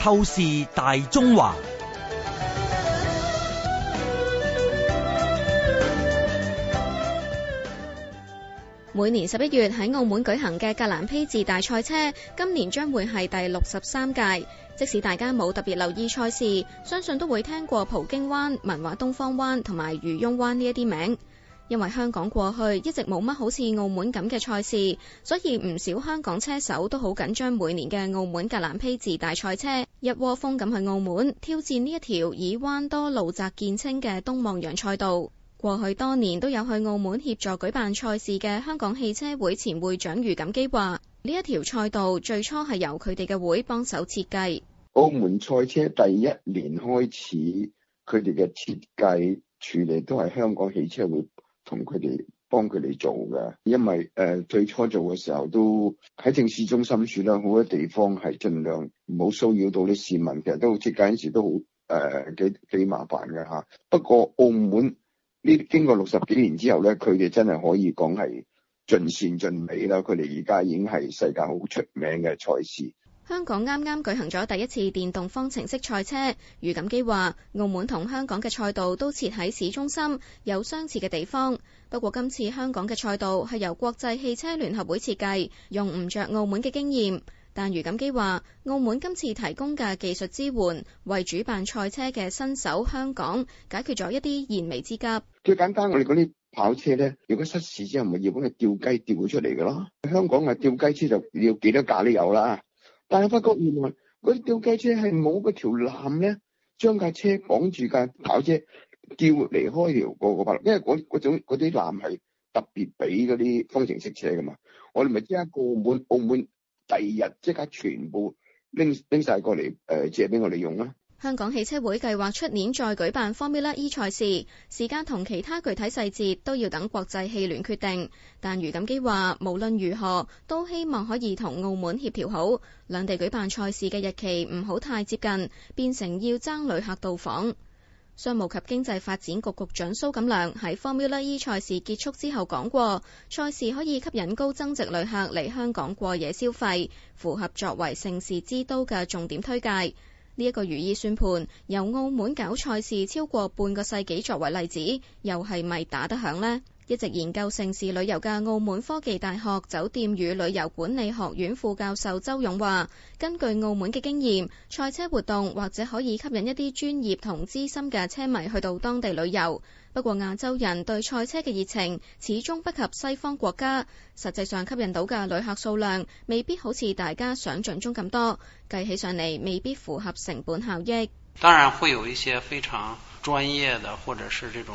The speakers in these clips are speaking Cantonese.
透視大中華。每年十一月喺澳門舉行嘅格蘭披治大賽車，今年將會係第六十三屆。即使大家冇特別留意賽事，相信都會聽過葡京彎、文華東方彎同埋漁翁彎呢一啲名。因為香港過去一直冇乜好似澳門咁嘅賽事，所以唔少香港車手都好緊張。每年嘅澳門格蘭披治大賽車，一窩蜂咁去澳門挑戰呢一條以彎多路窄見稱嘅東望洋賽道。過去多年都有去澳門協助舉辦賽事嘅香港汽車會前會長余錦基話：呢一條賽道最初係由佢哋嘅會幫手設計。澳門賽車第一年開始，佢哋嘅設計處理都係香港汽車會。同佢哋幫佢哋做嘅。因為誒、呃、最初做嘅時候都喺正市中心處啦，好多地方係盡量唔好騷擾到啲市民，其實都好似嗰陣時都好誒、呃、幾幾麻煩嘅吓。不過澳門呢經過六十幾年之後咧，佢哋真係可以講係盡善盡美啦。佢哋而家已經係世界好出名嘅賽事。香港啱啱舉行咗第一次電動方程式賽車，余錦基話：澳門同香港嘅賽道都設喺市中心，有相似嘅地方。不過今次香港嘅賽道係由國際汽車聯合會設計，用唔着澳門嘅經驗。但余錦基話：澳門今次提供嘅技術支援，為主辦賽車嘅新手香港解決咗一啲燃眉之急。最簡單，我哋嗰啲跑車呢，如果失事之後，咪要搵個吊機吊佢出嚟嘅咯。香港嘅吊機車就要幾多架都有啦。但係我發覺原來嗰啲吊雞車係冇嗰條纜咧，將架車綁住架跑車，叫離開條嗰個白龍，因為嗰種嗰啲纜係特別俾嗰啲方程式車㗎嘛，我哋咪即刻過澳門，澳門第二日即刻全部拎拎晒過嚟借俾我哋用啦。香港汽車會計劃出年再舉辦 Formula E 賽事，時間同其他具體細節都要等國際汽聯決定。但余錦基話，無論如何都希望可以同澳門協調好，兩地舉辦賽事嘅日期唔好太接近，變成要爭旅客到訪。商務及經濟發展局局長蘇錦良喺 Formula E 賽事結束之後講過，賽事可以吸引高增值旅客嚟香港過夜消費，符合作為盛事之都嘅重點推介。呢一個如意算盤，由澳門搞賽事超過半個世紀作為例子，又係咪打得響呢？一直研究城市旅遊嘅澳門科技大學酒店與旅遊管理學院副教授周勇話：根據澳門嘅經驗，賽車活動或者可以吸引一啲專業同資深嘅車迷去到當地旅遊。不過亞洲人對賽車嘅熱情始終不及西方國家，實際上吸引到嘅旅客數量未必好似大家想象中咁多，計起上嚟未必符合成本效益。當然會有一些非常專業的，或者是這種。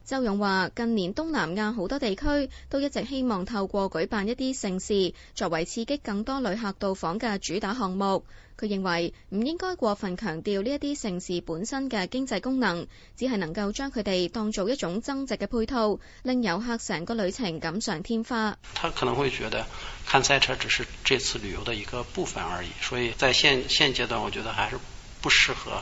周勇話：近年東南亞好多地區都一直希望透過舉辦一啲盛事，作為刺激更多旅客到訪嘅主打項目。佢認為唔應該過分強調呢一啲盛事本身嘅經濟功能，只係能夠將佢哋當做一種增值嘅配套，令遊客成個旅程錦上添花。他可能會覺得看賽車只是這次旅遊的一個部分而已，所以在現現階段，我覺得還是不適合。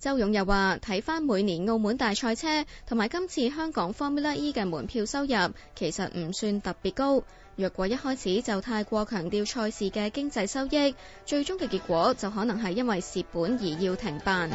周勇又話：睇翻每年澳門大賽車同埋今次香港 Formula E 嘅門票收入，其實唔算特別高。若果一開始就太過強調賽事嘅經濟收益，最終嘅結果就可能係因為蝕本而要停辦。